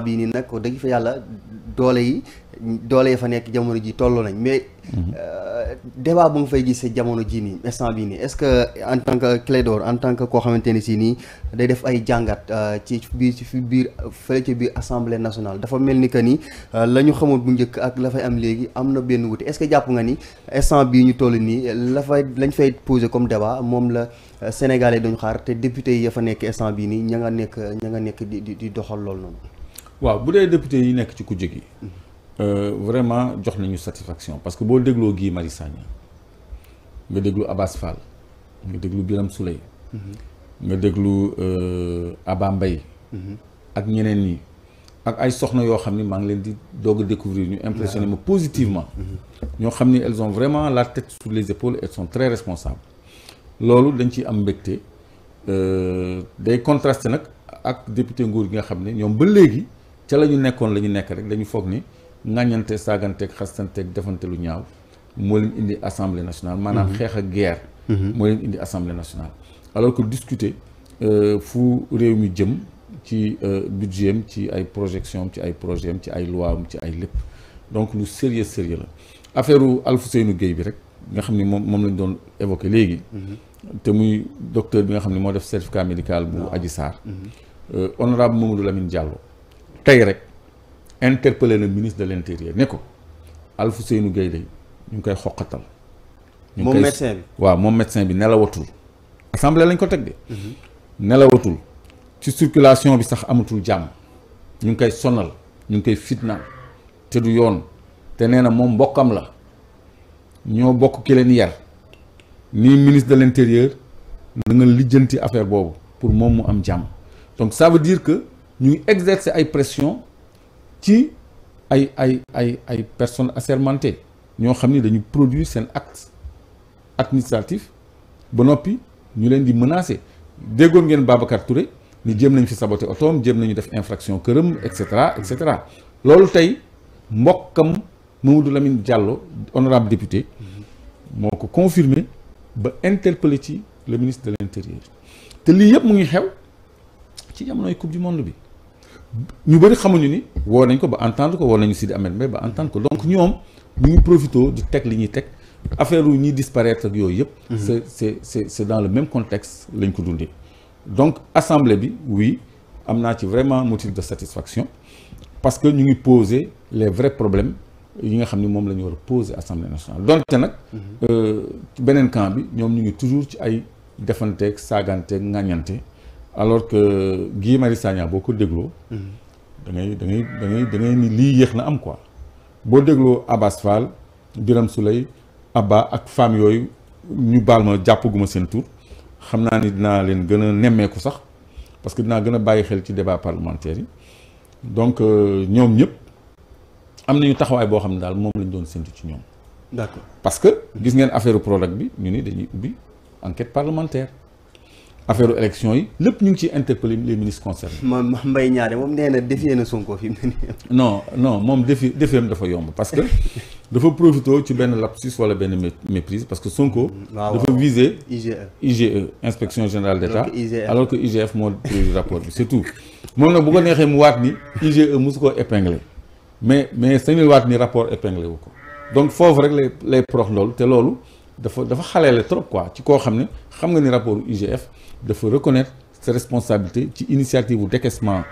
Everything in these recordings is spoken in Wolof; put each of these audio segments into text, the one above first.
bii nii nag wax dëgg fa yàlla doole yi doole ya fa nekk jamono ji tolloo nañ mais mhm. euh, débat bu nga fay gis jamono ji nii instant bii nii est-ce que en tant que en tant que koo xamante ne si nii day def ay jàngat euh, ci biir ci biir fële ci biir assemblée dafa mel ni que nii euh, la ñu xamoon bu njëkk ak la fay am léegi am na benn wuute est-ce que jàpp nga ni instant bii ñu toll nii la lañ fay poser comme débat moom la Sénégalais dañu xaar te député yi ya fa nekk instant bii nii ña nga nekk ña nga nekk di di doxal loolu noonu waaw bu dee député yi nekk ci kujje gi mhm. euh, vraiment jox nañu satisfaction parce que boo dégloo Guy Marius Sagna nga déglu Abass Fall nga déglu Birame Souleye mhm. nga déglu euh, Aba mbay mhm. ak ñeneen ñi ak ay soxna yoo xam ni maa ngi leen di doog a découvrir ñu impressionné ma positivement ñoo xam ni elles ont vraiment la tête sur les épaules elles sont très responsables loolu dañ ciy am mbégte euh, day contrasté nag ak député nguur gi nga xam ne ñoom ba léegi ca la ñu nekkoon la ñu nekk rek dañu foog ni ŋàññante saaganteeg xastanteeg defante lu ñaaw moo leen indi assemblée nationale maanaam mhm. xeex ak guerre mhm. moo leen indi assemblée nationale alors que discuter euh, fu réew mi jëm ci euh, budget am ci ay projection am ci ay projet am ci ay loi am ci ay lépp donc lu sérieux sérieux la affaire Alfousseynou Guèye bi rek nga xam ni moom moom lañu doon évoqué léegi mhm. te muy docteur bi nga xam ne moo def certificat médical bu Adji Sarr euh, honorable Mamadou Lamine Diallo tey rek interpellé na ministre de l' intérieur ne ko Alfousseynou Gaye de ñu ngi koy xoqatal. moom médecin bi waaw moom médecin bi nelawatul. assemblée lañ ko teg de. Mhm. nelawatul ci circulation bi sax amatul jàmm ñu ngi koy sonal ñu ngi koy fitnaal te du yoon te nee na moom mbokkam la ñoo bokk ki leen yar nii ministre de l' intérieur na nga lijjanti affaire boobu pour moom mu am jàmm donc ça que. ñuy exercer ay pression ci ay ay ay ay personnes assermentées ñoo xam ni dañu produit seen acte administratif ba noppi ñu leen di menacer déggoon ngeen Babacar Touré ni jéem nañ fi saboter otoom jéem nañu def infraction këram et cetera et cetera loolu tey mbokkam Mamadou Lamine Diallo honorable député moo ko confirmé ba interpellé ci le ministre de l'intérieur te lii yëpp mu ngi xew ci jamonoy coupe du monde bi. ñu bëri xamuñu ni woo nañ ko ba entendre ko woo nañu si Sidi Ahmed Mbaye ba entendre ko donc ñoom ñu ngi profité di teg li ñuy teg affaire wu ñuy disparaître ak yooyu yëpp mhm. c'est c'est c'est c'est dans le même contexte lañ ko dundee donc assemblée bi oui am naa ci vraiment motif de satisfaction parce que ñu ngi poser les vrais problème yi nga xam ni moom la ñu war a poser assemblée nationale donte nag mhm. euh, beneen camp bi ñoom ñu ngi toujours ci ay defanteeg saagaanteeg ŋàññante alors que Guy Marius Sagna boo ko dégloo. da ngay da ngay da ni lii yéex na am quoi. boo dégloo Abbas Fall Birame Souley Abba ak femmes yooyu ñu baal ma jàppaguma seen tur xam naa ni dinaa leen gën a nemmeeku sax parce que dinaa gën a bàyyi xel ci débat parlementaire yi donc euh, ñoom ñëpp am ñu taxawaay boo xam ne daal moom lañ doon séntu ci ñoom. d'accord que gis ngeen affaire Prodac bi ñu ni dañuy ubbi enquête parlementaire. affaire élection yi lépp ñu ngi ciy interpellé les ministres concernés. moom Mbaye Niang moom nee na défier na Sonko fi mu ne nii. non non moom défi défiem dafa yomb parce que dafa profité ci benn lapsus wala benn méprise parce que Sonko. dafa viser IGE. IGE inspection générale d' état alors que IGF e. e moo produit rapport bi c'est moom nag bu ko neexee mu waat ni IGE mosu koo épinglé mais mais sañul waat ni rapport épinglé wu ko donc foofu rek lay lay prox loolu te loolu dafa dafa xaleele trop quoi ci koo xam ne. xam nga ni rapport IGF dafa reconnaître ses responsabilités ci initiative bu décaissement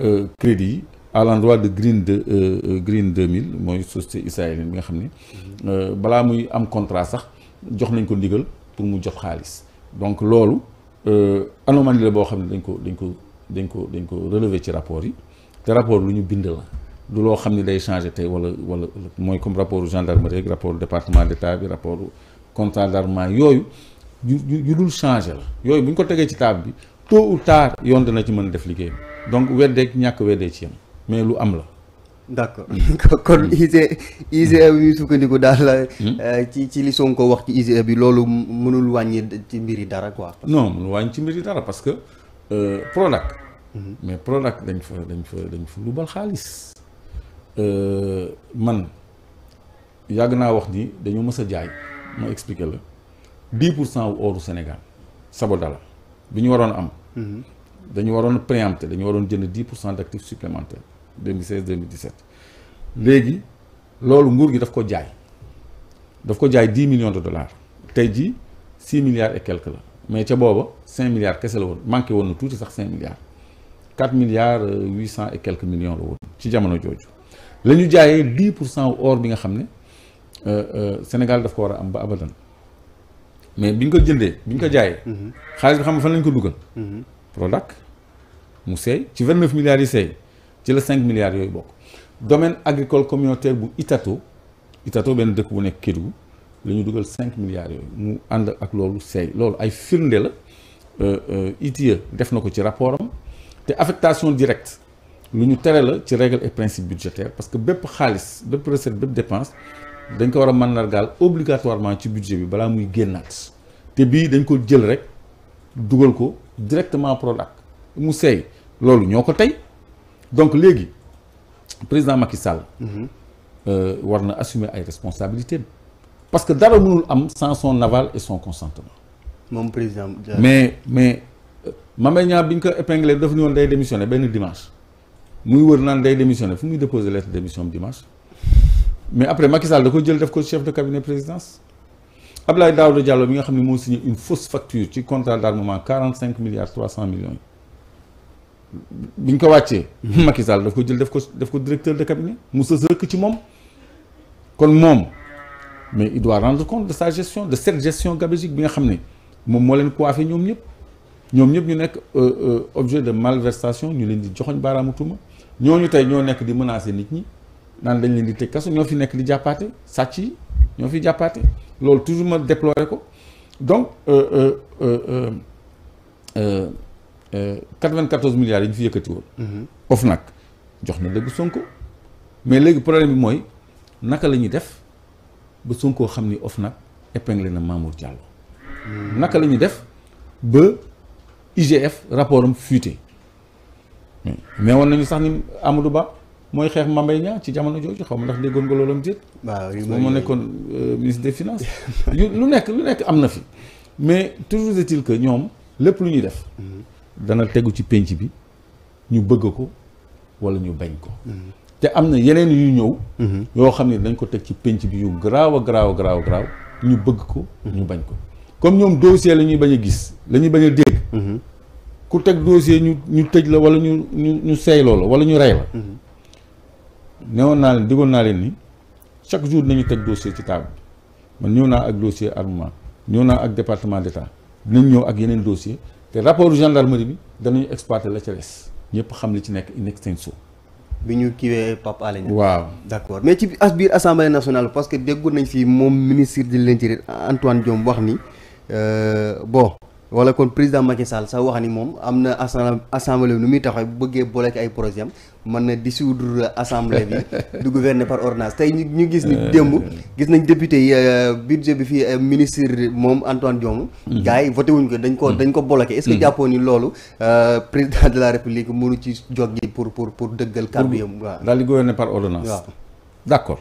euh, crédit yi à l'endroit de Green de euh, euh, Green 2000 mooy société israélienne bi nga xam ni mhm. balaa muy am contrat sax jox nañ ko ndigal pour mu jox xaalis donc loolu anomalie la boo xam ne dañ ko dañ ko dañ ko dañ ko relever ci rapport yi te rapport lu ñu bind la du loo xam ni day changé tey wala wala mooy comme rapport gendarmerie rapport département d'état bi rapport contrat d'armement yooyu yu yu dul changé la yooyu bu ñu ko tegee ci table bi tôt ou tard yoon dana ci mën a def liggéeyam donc weddeeg ñàkk weddee ci yam mais lu am la. d' accord kon IGE hmm. IGE hmm. bi ñu sukkandiku daal hmm. euh, ci ci li Sonko wax ci IGE bi loolu mënul wàññi ci mbir yi dara quoi. non mënul wàññi ci mbir yi dara parce que euh, Prodac. mais Prodac dañ fa dañ fa dañ fa lu bal xaalis. Euh, man yàgg naa wax ni dañoo mës a jaay ma expliqué la. dix pour cent wu ooru Sénégal la bi ñu waroon am. dañu waroon préempter dañu waroon jënd dix pour cent d' actifs supplémentaires 2016 2017. léegi loolu nguur gi daf ko jaay daf ko jaay dix millions de dollars tey jii six milliards et quelque la mais ca booba cinq milliards kese la woon manqué woon na tuuti sax cinq milliards quatre milliards euh, huit cent et quelques millions la woon ci jamono jooju. la ñu jaayee dix pour cent wu or bi nga xam ne euh, euh, Sénégal daf ko war a am ba abadan. mais bi ñu ko jëndee bi ñu ko jaayee. Mhm. xaalis bi xam nga fan lañ ko duggal mhm. Prodac mu seey ci vingt neuf milliards yi seey ci la cinq milliards yooyu bokk. domaine agricole communautaire bu Itato Itato benn dëkk bu nekk Kédougou la ñu dugal cinq milliards yooyu mu ànd ak loolu seey loolu ay firnde la euh, euh, ITIE def na ko ci rapport am te affectation directe lu ñu tere la ci règle et principe budgétaire parce que bépp xaalis bépp recette bépp dépense. dañ ko war a mandargaal obligatoirement ci budget bi balaa muy génnaat te bii dañ ko jël rek dugal ko directement Prodac mu seey loolu ñoo ko tey donc léegi président Macky Sall. Mhm. Euh, war na assumer ay responsabilités parce que dara mënul am sans son aval et son consentement. moom mais mais euh, Mame Niang bi ñu ko épinglé dafa ñu woon day démissionné benn dimanche muy wër naan day démissionné fu muy déposer lettre démission dimanche. mais après Macky Sall da ko jël def ko chef de cabinet présidence Abdoulaye Daouda Diallo bi nga xam ne moo signé une fausse facture ci contrat d'armement quarante cinq milliards trois cent millions yi bi ko wàccee. Macky Sall daf ko jël def ko def ko directeur de cabinet mu sës rëkk ci moom. kon moom mais il doit rendre de sa de cette gestion gabégique bi nga xam ne moom moo leen coiffé ñoom ñëpp ñoom ñëpp ñu nekk euh, euh, objet de malversation ñu leen di joxoñ baaraamu tuuma ñooñu tey ñoo nekk di menacer nit ñi. naan dañ leen di tëj kaso ñoo fi nekk di jàppaate sàcc yi ñoo fi jàppaate loolu toujours ma déplorer ko donc 94 euh, euh, euh, milliards yi ñu fi yëkkati woon. Mhm. OFNAC jox na dëgg Sonko mais léegi problème bi mooy naka la ñuy def ba Sonko xam ni OFNAC épinglé na Mamour Diallo. Mhm. naka la ñuy def ba IGF rapport am mais woon nañu sax ni Amadou Ba. mooy xeex Mame Mbaye Niang ci jamono jooju xaw ma ndax déggoon nga loolu am déet. waaw moo nekkoon euh, ministre des finances. lu nekk lu nekk am na fi mais toujours est-il que ñoom lépp lu ñuy def. Mm-hmm. dana tegu ci pénc bi ñu bëgg ko wala ñu bañ ko. Mm-hmm. te am na yeneen yu ñëw. Mm-hmm. yoo xam ne dañ ko teg ci pénc bi yu garaaw a garaaw garaaw garaaw ñu bëgg ko. ñu bañ ko comme ñoom dossier la ñuy bañ a gis la ñuy bañ a dégg. ku teg dossier ñu ñu tëj la wala ñu ñu ñu seey wala ñu rey newoon naa leen digoon naa leen ni chaque jour ñu teg dossier ci table man ñëw naa ak dossier armement ñëw naa ak département d'état dinañ ñëw ak yeneen dossier te rapport gendarmerie bi danañu exploiter la ca des ñëpp xam li ci nekk nekk in extenso bi ñu kiiwee Pape Alé Niang waaw d'accord mais ci as biir assemblée nationale parce que déggoon nañ fi moom ministre de l'intérieur Antoine Diome wax ni euh, bo wala kon président Macky Sall sax wax ni moom am na assemblée bi nu muy taxaw bu bëggee boole ak ay projet am mën na dissoudre assemblée bi du gouverner par ordonnance tey ñu ñu gis ni euh. démb gis nañ député yi euh, budget bi fii euh, ministre moom Antoine Diome mm-hmm. gars yi voté wuñ ko dañ ko mm-hmm. dañ ko bloqué est-ce que mm-hmm. jàppoon ni loolu président de la république mënu ci jog ji pour pour pour dëggal kàddu yam waaw daal di gouverner par ordonnance waaw d'accord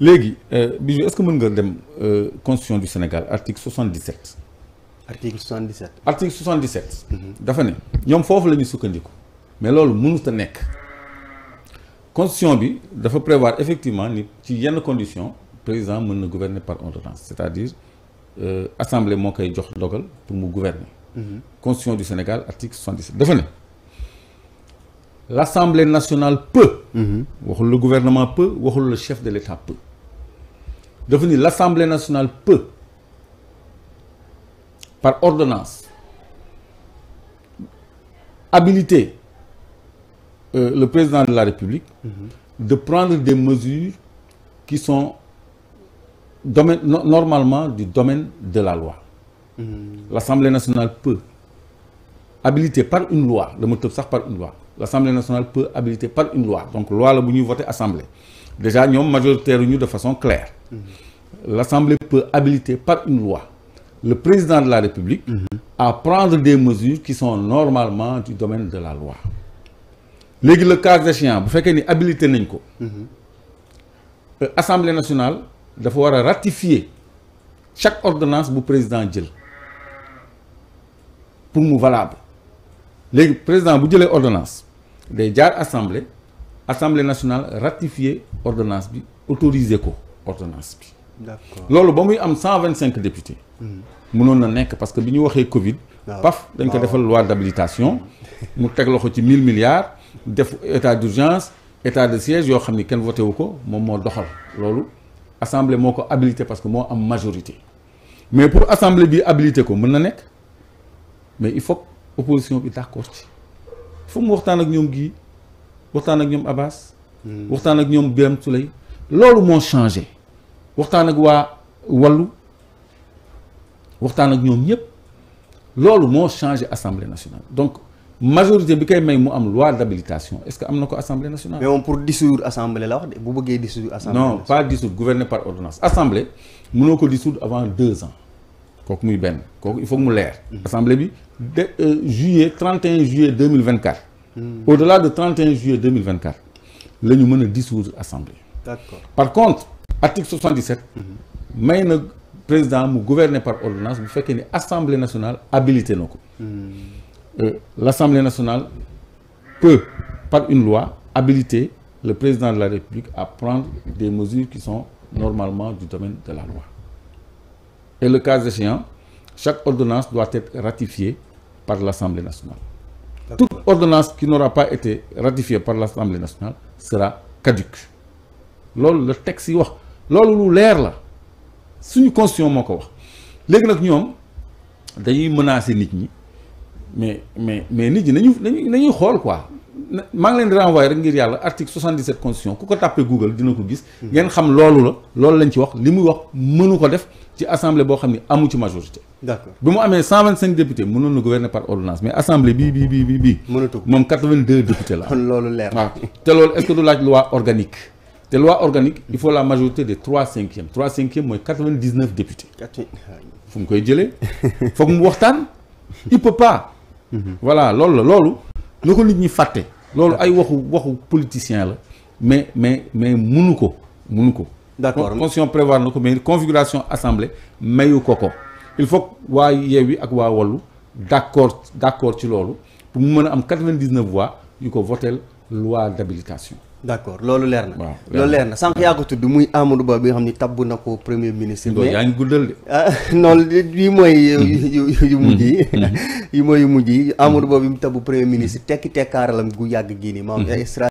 léegi Bijou est-ce que mën nga dem constitution du Sénégal article 77. article 77. Mhm. dafa ne ñoom foofu la ñu sukkandiku mais loolu mënut a nekk constitution bi dafa prévoir effectivement ni ci yenn condition président mën na gouverner par ordonnance c'est-à-dire euh, assemblée moo koy jox dogal pour mu gouverner. Mm constitution du Sénégal article 77 dafa ne. l'assemblée nationale peut. Mhm. waxul mmh. le gouvernement waxul le chef de l'état peut. dafa ni l'assemblée nationale peut par ordonnance habiliter euh, le président de la République mm-hmm. de prendre des mesures qui sont domaine, normalement du domaine de la loi. Mmh. L'Assemblée nationale peut habiliter par une loi, le mot sax par une loi. L'Assemblée nationale peut habiliter par une loi. Donc loi la bu ñuy voter assemblée. Déjà ñoom majoritaire ñu de façon claire. Mmh. L'Assemblée peut habiliter par une loi. le président de la République à prendre des mesures qui son normalement du domaine de la loi léegi le cas échéant bu fekkee ni habilité nañ ko Assemblée nationale dafa war a ratifier chaque ordonnance bu président jël pour mu valable léegi président bu jëlee ordonnance day jaar assemblée assemblée nationale ratifier ordonnance bi autoriser ko ordonnance bi. d'accord loolu ba muy am 125 députés. mënoon na nekk parce que bi ñu waxee Covid. paf dañ ko defal loi d'habilitation. mu teg loxo ci 1000 milliards. def état d'urgence état de siège yoo xam ni kenn voté wu ko moom moo doxal loolu. assemblée moo ko habilité parce que moo am majorité mais pour assemblée bi habilité ko mën na nekk mais il faut opposition bi d'accord ci foog mu waxtaan ak ñoom gii waxtaan ak ñoom Abbas. Hmm. waxtaan ak ñoom Birame Souleye loolu moo changé waxtaan ak waa Wallu. waxtaan ak ñoom ñëpp loolu moo changé assemblée nationale donc majorité bi koy may mu am loi d'habilitation est-ce que am na ko assemblée nationale. mais moom pour dissoudre assemblée la wax de bu bëggee dissoudre. assemblée non pas dissoudre gouverner par ordonnance assemblée mënoo ko dissoudre avant deux ans kooku muy benn kooku il faut mu leer. Mhm. assemblée bi de euh, juillet 31 juillet 2024. Mhm. au-delà de 31 juillet 2024 la ñu mën a dissoudre assemblée. d'accord par contre article 77. Mhm. may na. président mu gouverner par ordonnance bu fekkee ni assemblée nationale habilité na ko hmm. l' assemblée nationale peut par une loi habiliter le président de la république à prendre des mesures qui sont normalement du domaine de la loi et le cas échéant chaque ordonnance doit être ratifiée par l'assemblée nationale toute ordonnance qui n'aura pas été ratifiée par l'assemblée nationale sera caduque loolu le texte yi wax loolu lu leer la suñu constitution moo ko wax léegi nag ñoom dañuy menacer nit ñi mais mais mais nit ñi nañu nañu nañuy xool quoi maa ngi leen di renvoyer rek ngir yàlla article 77 constitution ku ko tàppee Google dina ko gis. Hmm. ngeen xam loolu la loolu lañ ci wax li muy wax mënu ko def ci assemblée boo xam ni amu ci majorité. d'accord bi mu amee 125 députés mënoon na gouverner par ordonnance mais assemblée bii bii bii bii. mënatu ko moom 82 députés la. kon loolu leer te te loi organique il faut la majorité des trois cinquièmes trois cinquièmes mooy quatre vingt dix neuf députés fu mu koy jëlee foog mu waxtaan il peut voilà loolu la loolu na ko nit ñi fàtte loolu ay waxu waxu politicien la mais mais mais munu ko munu ko d'accord constitution prévoir na ko mais configuration assemblée mayu ko ko il faut waa Yewwi ak waa Wallu d'accord d'accord ci loolu pour mu mën a am quatre vingt dix neuf voix yu ko votel loi d'habilitation d' accord loolu leer na. waaw loolu leer na sànq yaa ko tudd muy Amadou Ba bi nga xam ni tabbu na ko premier ministre. mais yaa ngi guddal de. ah non lii mooy. Mm-hmm. yu mujj yi. Mm-hmm. Mm-hmm. yi mooy yu mujj yi Amadou Ba bi mu tabbu premier ministre tekki tekkaaralam gu yàgg gii nii. maanaam extra.